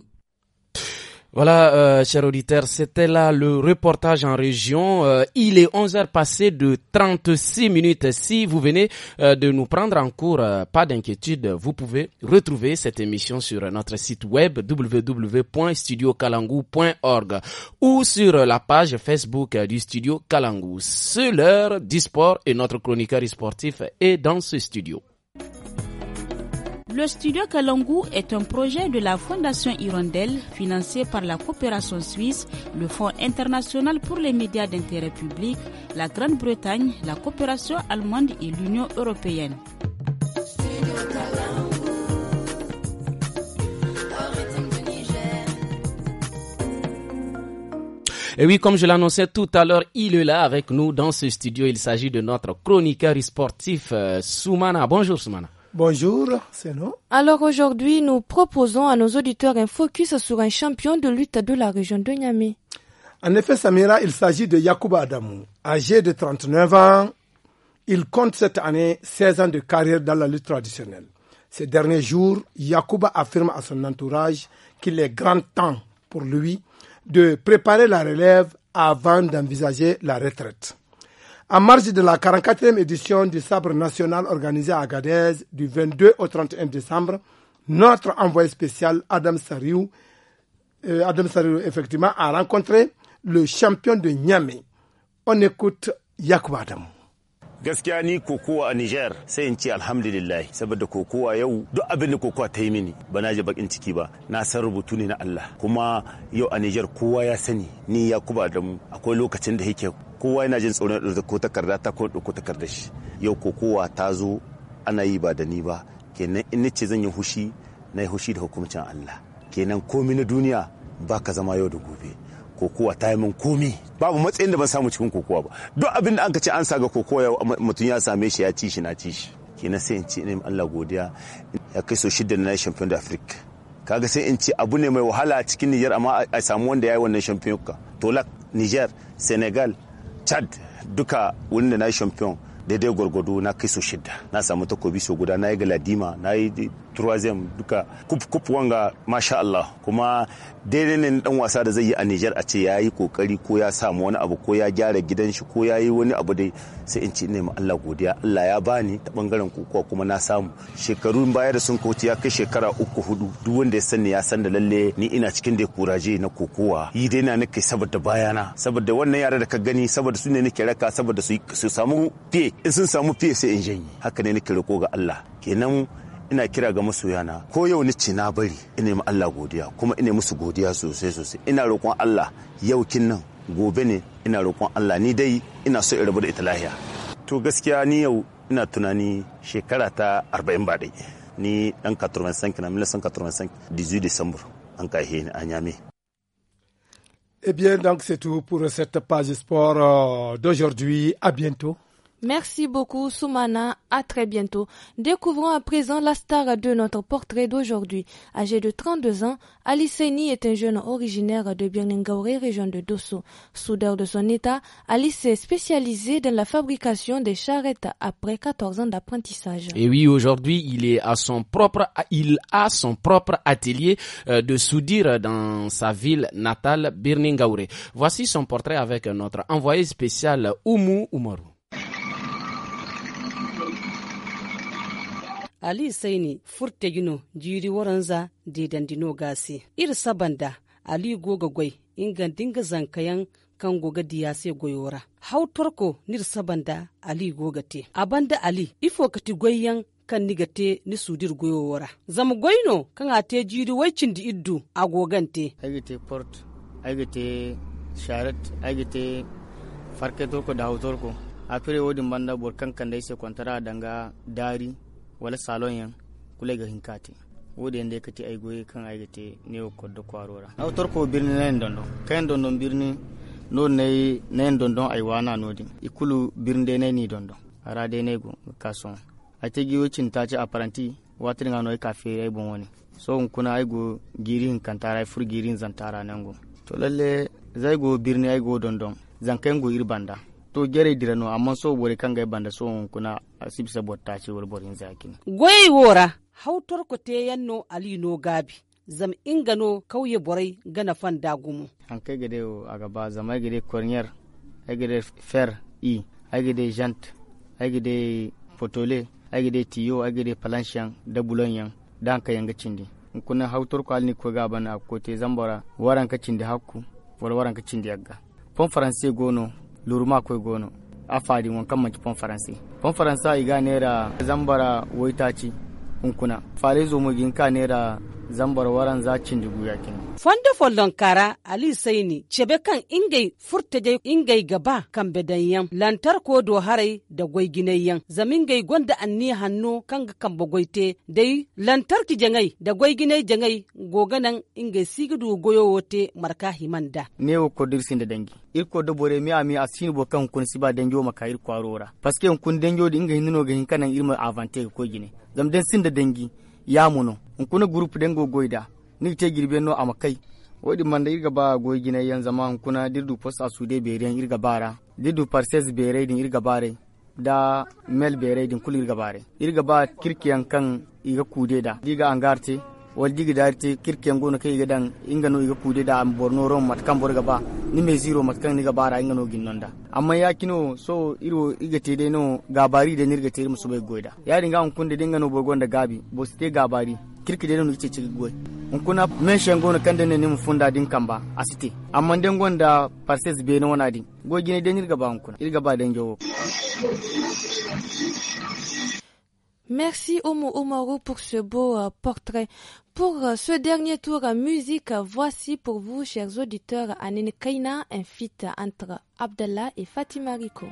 Voilà, euh, chers auditeurs, c'était là le reportage en région. Euh, il est 11 heures passées de 36 minutes. Si vous venez euh, de nous prendre en cours, pas d'inquiétude, vous pouvez retrouver cette émission sur notre site web www.studiocalangou.org ou sur la page Facebook du studio Kalangu. C'est l'heure du sport et notre chroniqueur sportif est dans ce studio. Le studio Kalangu est un projet de la Fondation Hirondelle financé par la coopération suisse, le Fonds international pour les médias d'intérêt public, la Grande-Bretagne, la coopération allemande et l'Union européenne. Et oui, comme je l'annonçais tout à l'heure, il est là avec nous dans ce studio. Il s'agit de notre chroniqueur sportif euh, Soumana. Bonjour Soumana. Bonjour, c'est nous. Alors aujourd'hui, nous proposons à nos auditeurs un focus sur un champion de lutte de la région de Niamey. En effet, Samira, il s'agit de Yacouba Adamou. Âgé de 39 ans, il compte cette année 16 ans de carrière dans la lutte traditionnelle. Ces derniers jours, Yacouba affirme à son entourage qu'il est grand temps pour lui de préparer la relève avant d'envisager la retraite. en marge de la 44e édition du Sabre national organisé à Agadez du 22 au 31 décembre, notre envoyé spécial Adam Sariou, euh, Adam Sariou effectivement, a rencontré le champion de Niamey. On écoute Yakuba Adam. gaskiya ni kokowa a Niger sai in ce alhamdulillah saboda kokowa yau duk abin da kokowa ta yi mini ba na ji bakin ciki ba na san rubutu ne na Allah kuma yau a Niger kowa ya sani ni ya kuba da mu akwai lokacin da yake kowa yana jin tsoron ɗauko takarda ta ko ta takarda shi yau ko kowa ta zo ana yi ba da ni ba kenan in nace zan yi hushi na yi hushi da hukumcin Allah kenan komi na duniya ba ka zama yau da gobe kokowa ta yi min komi babu matsayin da ban samu cikin kokowa ba duk abin da an ka ce an saga kokowa mutum ya same shi ya ci shi na ci shi kenan sai in ce ina Allah godiya ya kai so shidda na champion da Africa kaga sai in ci abu ne mai wahala a cikin Niger amma a samu wanda ya yi wannan champion ka tolak Niger Senegal chad duka da na champion daidai gwargwado na kai so shida na samu takobi so guda na yi galadima na yi troisième duka kup kup wanga masha Allah kuma daidai ne dan wasa da zai yi a Niger a ce ya yi kokari ko ya samu wani abu ko ya gyara gidan shi ko ya yi wani abu dai sai in ce ma Allah godiya Allah ya bani ta bangaren kokowa kuma na samu shekaru baya da sun kauce ya kai shekara uku hudu duk wanda ya sani ya san da lalle ni ina cikin da kuraje na kokowa yi dai na nake saboda bayana saboda wannan yara da ka gani saboda su ne nake raka saboda su samu fiye in sun samu fiye sai in janye haka ne nake roko ga Allah kenan ina kira ga masoyana ko yau ni ci na bari ina ma Allah godiya kuma ina musu godiya sosai sosai ina roƙon Allah yau kin nan gobe ne ina roƙon Allah ni dai ina so in rabu da ita lahiya to gaskiya ni yau ina tunani shekara ta 40 ba dai ni dan 85 na 1985 18 december. an kaihe ni an yame Eh bien, donc c'est tout pour cette page sport euh, d'aujourd'hui. À bientôt. Merci beaucoup Soumana, à très bientôt. Découvrons à présent la star de notre portrait d'aujourd'hui. Âgé de 32 ans, Alice est un jeune originaire de Birningaure, région de Dosso. Soudeur de son état, Alice est spécialisé dans la fabrication des charrettes après 14 ans d'apprentissage. Et oui, aujourd'hui, il est à son propre, il a son propre atelier euh, de soudure dans sa ville natale Birningaure. Voici son portrait avec notre envoyé spécial Oumu Oumaru. ali saini furta gino jiri waranza de dandino gasi ir sabanda ali goga gwai inga dinga zankayan kan goga diya sai goyora hau torko nir sabanda ali goga te abanda ali ifo kati goyyan kan nigate ni sudir goyora. zama goyno kan ate jiri waicin di iddu a gogan agite port agite sharet agite farke torko da hau torko a fere wodin banda bor kan kwantara danga dari wala salon yan kula ga hinkati wodi yande kati ay goyi kan ay gate ne ko do kwarora aw torko birni nen dondo kayen dondo birni no ne nen dondo ay wana nodin ikulu birnde ne ni dondo ara de ne go kason a tegi wocin ta ci a paranti watin ga noy kafe ay bon woni so un kuna ay go girin kantara ay fur girin zantara nan go to lalle zai go birni ay go dondo zankan go irbanda to gere dira no amma so bore gai banda so kuna sibsa botta ce wal borin zakin goyi wora hautor ko te yanno ali no gabi zam ingano kauye borai gana fan dagumu an kai gade a gaba zama gade cornier ai gade fer i ai gade jant ai gade potole ai gade tiyo ai gade palanshan da bulonyan dan kai yanga cindi kuna hautor ko alni ko gaba na ko te zambara waran ka cindi hakku wal waran ka cindi yagga pon faranse gono luruma koi gono afadi fadi kan maki pon faransi pon faransa iga nera zambara woitaci hunkuna fare zo mugin ka nera zambar waran za cin dugu yakin fondo follon kara ali saini cebe kan ingai furta je ingai gaba kan bedanyan lantar ko do harai da goy yan zamin gai gonda anni hannu kan ga kan bagoite dai lantar ki jangai da goy ginay jangai goganan ingai sigdu goyo wote marka himanda ne ko dirsin da dangi irko da bore mi ami asini bo kan kun siba danjo maka ir kwarora paske kun danjo dinga hinno ga hinkanan irma avante ko gine zam den sinda dengi yamuno nkuna group den go goida ni te girbe no amakai wodi manda irga ba goy gina yan zama nkuna dirdu post a sude bere irga bara dirdu parses bere din irga bare da mel bere din kul irga bare irga ba kirkiyan kan iga kude da diga angarte waldi ga darti kirken gona kai ga dan ingano iga kude da borno ron matkan borga ba ni me zero matkan ni ga bara inga no da amma ya kino so iro iga te de no gabari da nirga te musu bai goida ya dinga an kunde dinga no borgon da gabi bo ste gabari kirki de no ce ci goy un kuna men gona kan kande ne mu funda din kamba asite amma den gonda parses be no wana din go gine den nirga ba un kuna irga ba den jowo Merci Omo Omaru pour ce beau euh, portrait. Pour euh, ce dernier tour musique, voici pour vous, chers auditeurs, Anine Kaina, un feat entre Abdallah et Fatima Rico.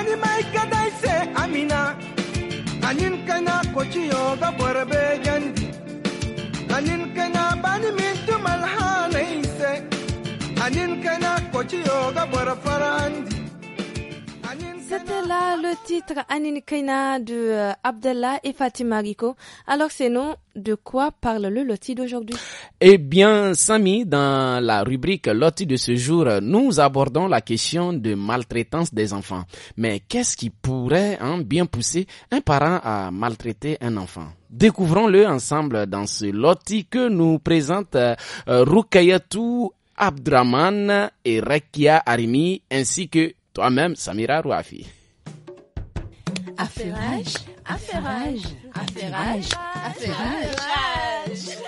ani mai gadai se amina anin kana kochi yoga borbe jandi anin kana bani min tumal hanai se anin kana kochi yoga bor farandi C'était là le titre Anine Kaina de euh, Abdallah et Fatima Rico. Alors c'est nous, de quoi parle le loti d'aujourd'hui Eh bien, Samy, dans la rubrique loti de ce jour, nous abordons la question de maltraitance des enfants. Mais qu'est-ce qui pourrait hein, bien pousser un parent à maltraiter un enfant Découvrons-le ensemble dans ce loti que nous présente euh, Rukayatou Abdraman et Rekia Arimi ainsi que toi-même, Samira Rouafi. Affairage, affairage, affairage, affairage.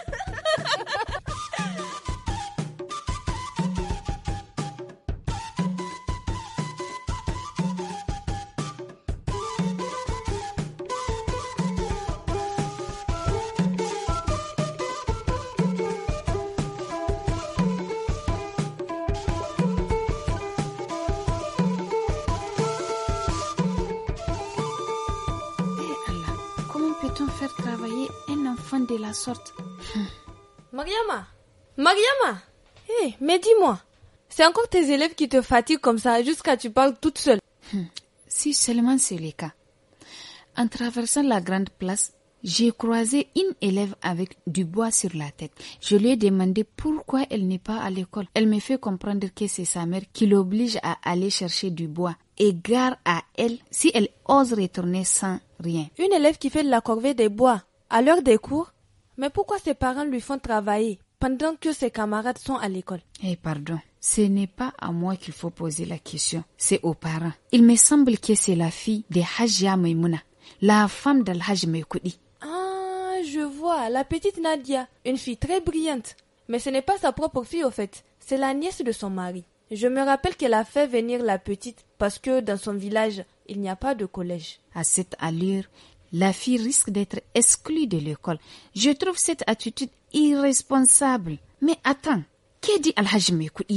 de la sorte. Hmm. Mariama Mariama Hé, eh, mais dis-moi, c'est encore tes élèves qui te fatiguent comme ça jusqu'à tu parles toute seule. Hmm. Si seulement c'est le cas. En traversant la grande place, j'ai croisé une élève avec du bois sur la tête. Je lui ai demandé pourquoi elle n'est pas à l'école. Elle me fait comprendre que c'est sa mère qui l'oblige à aller chercher du bois. Et gare à elle si elle ose retourner sans rien. Une élève qui fait la corvée des bois à l'heure des cours. Mais pourquoi ses parents lui font travailler pendant que ses camarades sont à l'école Eh pardon, ce n'est pas à moi qu'il faut poser la question, c'est aux parents. Il me semble que c'est la fille de Hajia Maimouna, la femme d'Al-Hajj Meikoudi. Ah, je vois, la petite Nadia, une fille très brillante. Mais ce n'est pas sa propre fille au fait, c'est la nièce de son mari. Je me rappelle qu'elle a fait venir la petite parce que dans son village, il n'y a pas de collège. À cette allure, la fille risque d'être exclue de l'école. Je trouve cette attitude irresponsable. Mais attends, qu'est dit Al-Hajj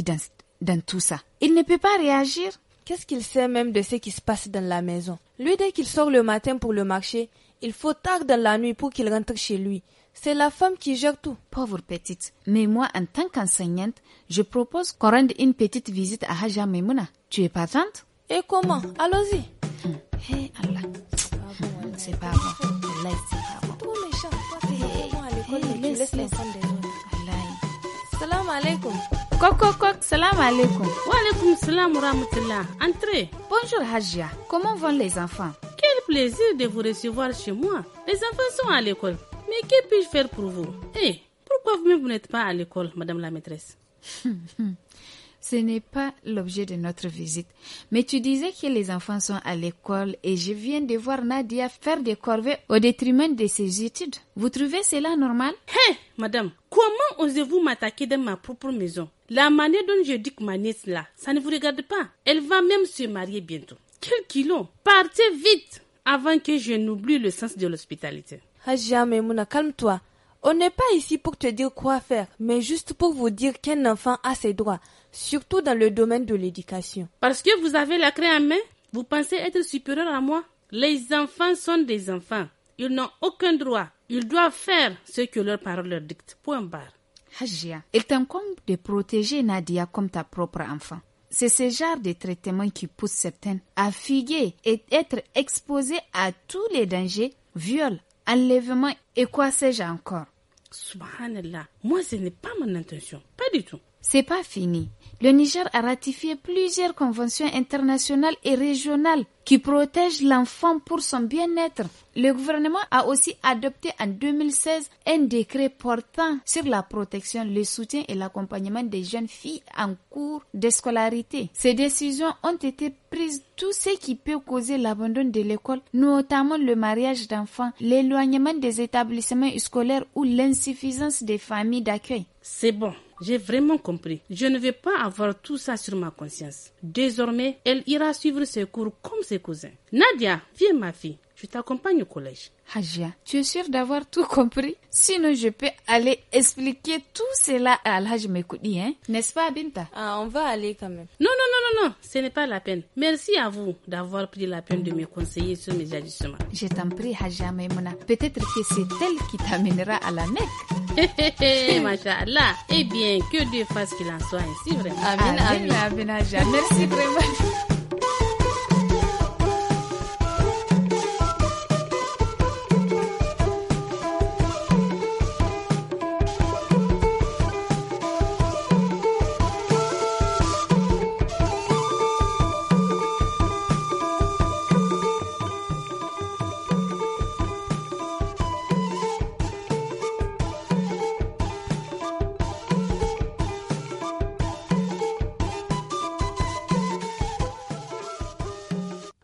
dans, dans tout ça Il ne peut pas réagir Qu'est-ce qu'il sait même de ce qui se passe dans la maison Lui, dès qu'il sort le matin pour le marché, il faut tard dans la nuit pour qu'il rentre chez lui. C'est la femme qui gère tout. Pauvre petite. Mais moi, en tant qu'enseignante, je propose qu'on rende une petite visite à Haja Memouna. Tu es partante Et comment Allons-y. Hé Allah c'est pas bon. c'est pas bon. Tous les chats, toi, à l'école, mais les des Salam alaikum. salam alaikum. Wa alaikum salam wa rahmatullah. Entrez. Bonjour Hajia. Comment vont les enfants Quel plaisir de vous recevoir chez moi. Les enfants sont à l'école. Mais que puis-je faire pour vous Eh, pourquoi vous-même n'êtes pas à l'école, madame la maîtresse ce n'est pas l'objet de notre visite. Mais tu disais que les enfants sont à l'école et je viens de voir Nadia faire des corvées au détriment de ses études. Vous trouvez cela normal Hé, madame, comment osez-vous m'attaquer dans ma propre maison La manière dont je dis que ma nièce là, ça ne vous regarde pas. Elle va même se marier bientôt. Quel kilo Partez vite avant que je n'oublie le sens de l'hospitalité. Ah, Jamais, Mouna, calme-toi. On n'est pas ici pour te dire quoi faire, mais juste pour vous dire qu'un enfant a ses droits, surtout dans le domaine de l'éducation. Parce que vous avez la craie en main, vous pensez être supérieur à moi Les enfants sont des enfants. Ils n'ont aucun droit. Ils doivent faire ce que leurs parents leur dictent. Point barre. Hajia, il t'encombe de protéger Nadia comme ta propre enfant. C'est ce genre de traitement qui pousse certaines à figuer et être exposées à tous les dangers, viols, enlèvements et quoi sais-je encore. Subhanallah, moi ce n'est pas mon intention, pas du tout. C'est pas fini le Niger a ratifié plusieurs conventions internationales et régionales qui protègent l'enfant pour son bien-être. Le gouvernement a aussi adopté en 2016 un décret portant sur la protection, le soutien et l'accompagnement des jeunes filles en cours de scolarité. Ces décisions ont été prises tout ce qui peut causer l'abandon de l'école, notamment le mariage d'enfants, l'éloignement des établissements scolaires ou l'insuffisance des familles d'accueil c'est bon, j'ai vraiment compris. Je ne vais pas avoir tout ça sur ma conscience. Désormais, elle ira suivre ses cours comme ses cousins. Nadia, viens ma fille, je t'accompagne au collège. Haja, tu es sûre d'avoir tout compris Sinon, je peux aller expliquer tout cela à Alhaj Mekoudi, hein N'est-ce pas, Binta Ah, on va aller quand même. Non, non, non, non, non, ce n'est pas la peine. Merci à vous d'avoir pris la peine de me conseiller sur mes ajustements. Je t'en prie, Haja Maimouna. Peut-être que c'est elle qui t'amènera à la Mecque. Hé, hé, hé, Eh bien, que Dieu fasse qu'il en soit ainsi, vraiment. amen. amin. Haja. Merci vraiment.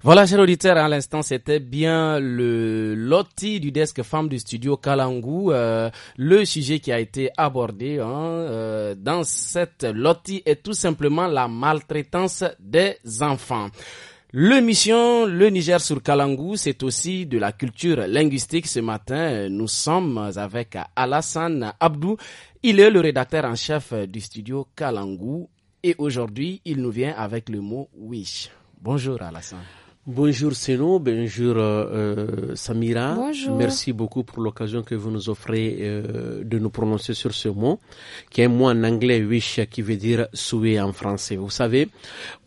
Voilà, chers auditeurs, à l'instant, c'était bien le loti du desk femme du studio Kalangu, euh, le sujet qui a été abordé hein, euh, dans cette loti est tout simplement la maltraitance des enfants. Le mission, Le Niger sur Kalangu, c'est aussi de la culture linguistique. Ce matin, nous sommes avec Alassane Abdou. Il est le rédacteur en chef du studio Kalangu et aujourd'hui, il nous vient avec le mot wish. Bonjour Alassane. Bonjour Sino, bonjour euh, Samira. Merci beaucoup pour l'occasion que vous nous offrez euh, de nous prononcer sur ce mot, qui est un mot en anglais wish qui veut dire souhait en français. Vous savez,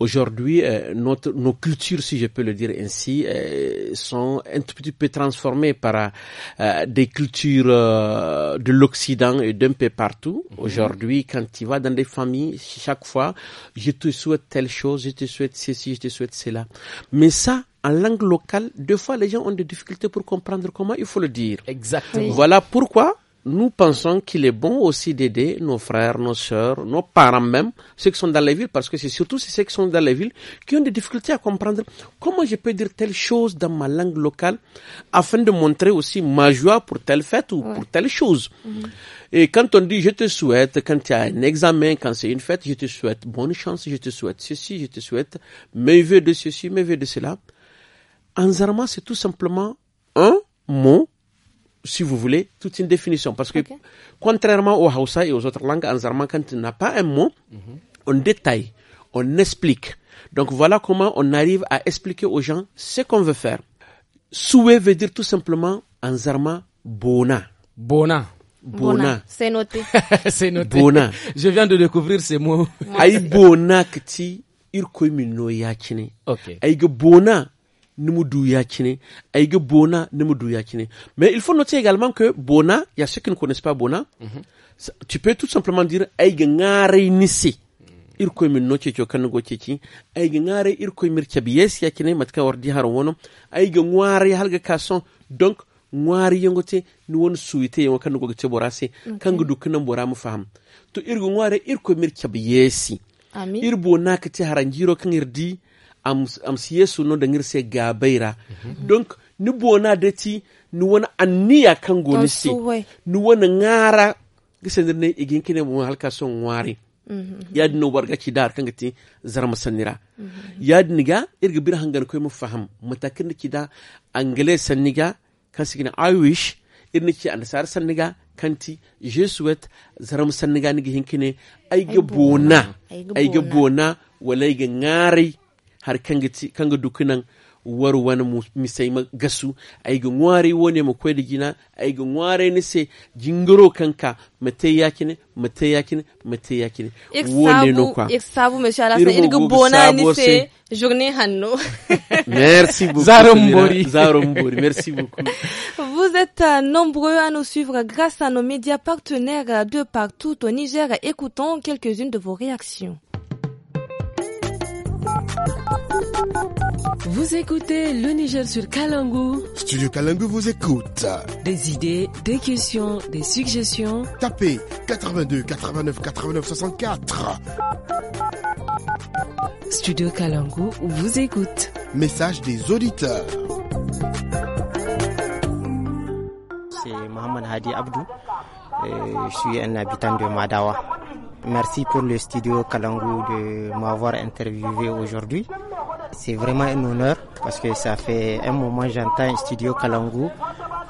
aujourd'hui, euh, notre nos cultures, si je peux le dire ainsi, euh, sont un tout petit peu transformées par des cultures de l'Occident et d'un peu partout. Mhm. Aujourd'hui, quand tu vas dans des familles, chaque fois, je te souhaite telle chose, je te souhaite ceci, je te souhaite cela. Mais en langue locale, deux fois les gens ont des difficultés pour comprendre comment il faut le dire. Exactement. Voilà pourquoi nous pensons qu'il est bon aussi d'aider nos frères, nos sœurs, nos parents même, ceux qui sont dans les villes, parce que c'est surtout ceux qui sont dans les villes qui ont des difficultés à comprendre comment je peux dire telle chose dans ma langue locale afin de montrer aussi ma joie pour telle fête ou pour telle chose. Mhm. Et quand on dit je te souhaite, quand il y a un examen, quand c'est une fête, je te souhaite bonne chance, je te souhaite ceci, je te souhaite mes vœux de ceci, mes vœux de cela, Anzarma, c'est tout simplement un mot, si vous voulez, toute une définition. Parce que, contrairement au Hausa et aux autres langues, Anzarma, quand tu n'as pas un mot, mhm. on détaille, on explique. Donc voilà comment on arrive à expliquer aux gens ce qu'on veut faire. Souhait veut dire tout simplement Anzarma Bona. Bona. Bona. C'est noté. C'est noté. Bona. Je viens de découvrir ces mots. Aïe Bona Kti Irkoimino yachine. Ok. Aïe Bona nous aige bona nous Mais il faut noter également que bona, il y a ceux qui ne connaissent pas bona, mm -hmm. tu peux tout simplement dire aige ngare nisi. irko min noce co kan go ceci ay ga ngare irko mir cabi yes ya kine matka wardi har wono ay ga halga kason donc ngare yongote ni won suite yongo kan go borasi. borase kan go dukkan bora faham to irgo ngare irko mir cabi yes ir bo nakati haranjiro kan irdi am, am siye no da ngirse gabaira mm -hmm. donc ni bona dati ni wani anniya kan goni se ni wani ngara gisandir ne igin kine mu halka son wari mm -hmm. ya dinu warga ci dar kan gati zar masanira mm -hmm. ya diniga irga bir hangar koy mu faham matakin da angle anglais sanniga kan sigina wish irni ki anasar sanniga kanti jesuit zaram sanniga ni gihin kine ai ga bona ai ga bona walai ga ngarai har kanga dukunan war wani misai gasu aiga ngware wone ma kwedi gina ni se jingiro kanka mate yakine mate yakine mate yakine wone no kwa ik sabu me shala bona ni se journée hanno merci beaucoup zarombori zarombori merci beaucoup vous êtes euh, nombreux à nous suivre grâce à nos médias partenaires de partout au Niger écoutons quelques-unes de vos réactions vous écoutez le Niger sur Kalangu. Studio Kalangu vous écoute. Des idées, des questions, des suggestions. Tapez 82 89 89 64. Studio Kalangu vous écoute. Message des auditeurs. C'est Mohamed Hadi Abdou. Euh, je suis un habitant de Madawa. Merci pour le studio Kalangu de m'avoir interviewé aujourd'hui. C'est vraiment un honneur parce que ça fait un moment j'entends studio Kalangu.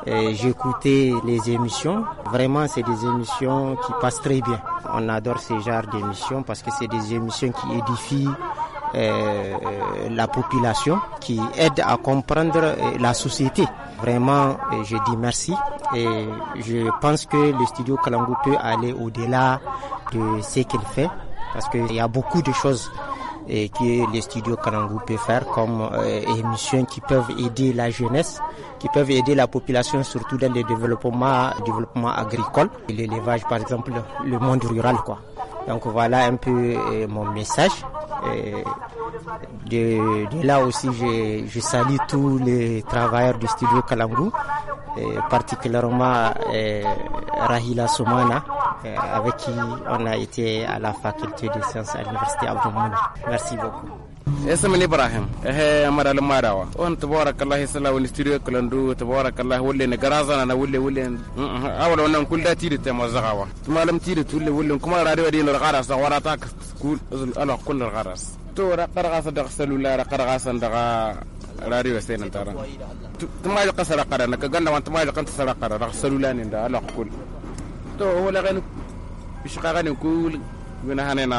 J'écoutais les émissions. Vraiment, c'est des émissions qui passent très bien. On adore ce genre d'émissions parce que c'est des émissions qui édifient euh, euh, la population, qui aident à comprendre euh, la société. Vraiment, je dis merci et je pense que le studio Kalangu peut aller au-delà de ce qu'il fait, parce qu'il y a beaucoup de choses et eh, que les studios Kalangu peuvent faire comme émissions eh, qui peuvent aider la jeunesse, qui peuvent aider la population surtout dans le développement, développement agricole, l'élevage par exemple, le monde rural quoi. Donc voilà un peu euh, mon message. Euh, de, là aussi, je, je, salue tous les travailleurs du studio Kalangu, euh, particulièrement Rahila Soumana, avec qui on a été à la faculté des sciences à l'université Abdoumouni. Merci beaucoup. اسمي ابراهيم اه مر الماراوا وان تبارك الله سلا والاستوديو كلندو تبارك الله ولي نغرازنا انا ولي ولي أمم، اول وانا كل دا تيري تما زغاوا تما لم تيري تولي ولي كما راديو دي الغرس وراتك كل انا كل الغرس تو رقرقاس دغ سلولا رقرقاس دغ راديو سين ترى تما قصر قرنا كغنا وانت ما قنت سرا قرنا رغ سلولاني ندا انا كل تو ولا غن بشقا كل من هنا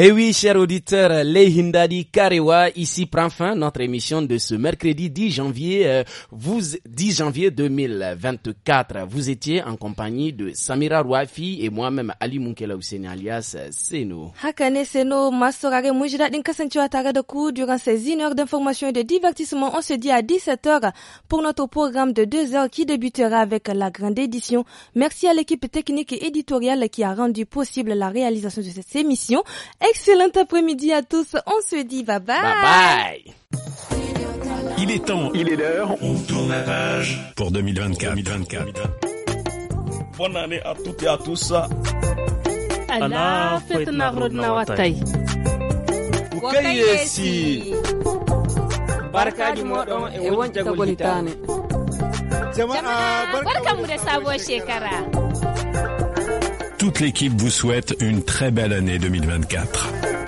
Eh oui, chers auditeurs, les Hindadi Karewa, ici prend fin notre émission de ce mercredi 10 janvier, euh, vous, 10 janvier 2024. Vous étiez en compagnie de Samira Rouafi et moi-même Ali Munkela Hussein alias euh, Seno. Hakane Seno, Masorare Dinkasentua Taradoku. durant ces une heure d'information et de divertissement, on se dit à 17h pour notre programme de deux heures qui débutera avec la grande édition. Merci à l'équipe technique et éditoriale qui a rendu possible la réalisation de cette émission excellent après-midi à tous. On se dit bye bye. Bye bye. Il est temps, il est l'heure. On tourne la page pour 2024. 2024. Bonne année à toutes et à tous. Allah fitna rodna watay. Kukayesi. Barkaji modon e wonja golitane. Jama'a barkamu da sabuwar shekara. Toute l'équipe vous souhaite une très belle année 2024.